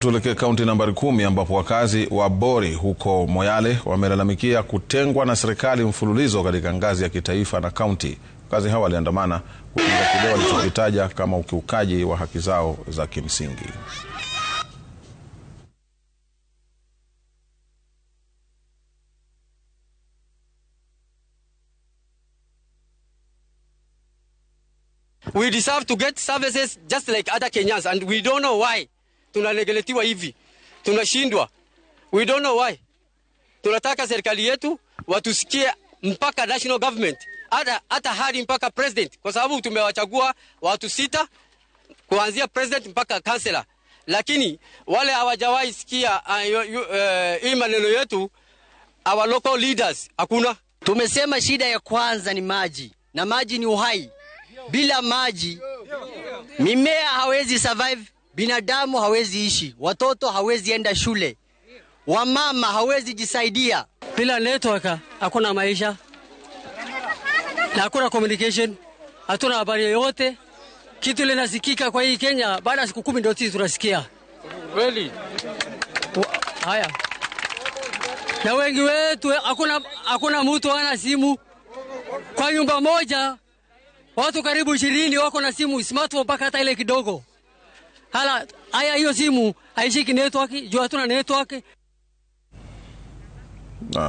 Tuelekee kaunti nambari kumi ambapo wakazi wa Bori huko Moyale wamelalamikia kutengwa na serikali mfululizo katika ngazi ya kitaifa na kaunti. Wakazi hawa waliandamana kupinga kile walichokitaja kama ukiukaji wa haki zao za kimsingi. We deserve to get services just like other Kenyans and we don't know why tunalegeletiwa hivi, tunashindwa, we don't know why. Tunataka serikali yetu watusikie mpaka national government, hata hata hadi mpaka president, kwa sababu tumewachagua watu sita kuanzia president mpaka kansela, lakini wale hawajawahi sikia ah, eh, hii uh, maneno yetu. Our local leaders hakuna. Tumesema shida ya kwanza ni maji, na maji ni uhai. Bila maji mimea hawezi survive binadamu hawezi ishi, watoto hawezi enda shule, wamama hawezi jisaidia bila network. Hakuna maisha na hakuna communication, hatuna habari yoyote. Kitu linasikika nasikika kwa hii Kenya baada ya siku kumi ndio sisi tunasikia kweli. Haya, na wengi wetu hakuna, hakuna mtu ana simu kwa nyumba moja, watu karibu ishirini wako na simu smartphone, mpaka hata ile kidogo hala haya, hiyo simu haishiki network juu hatuna network.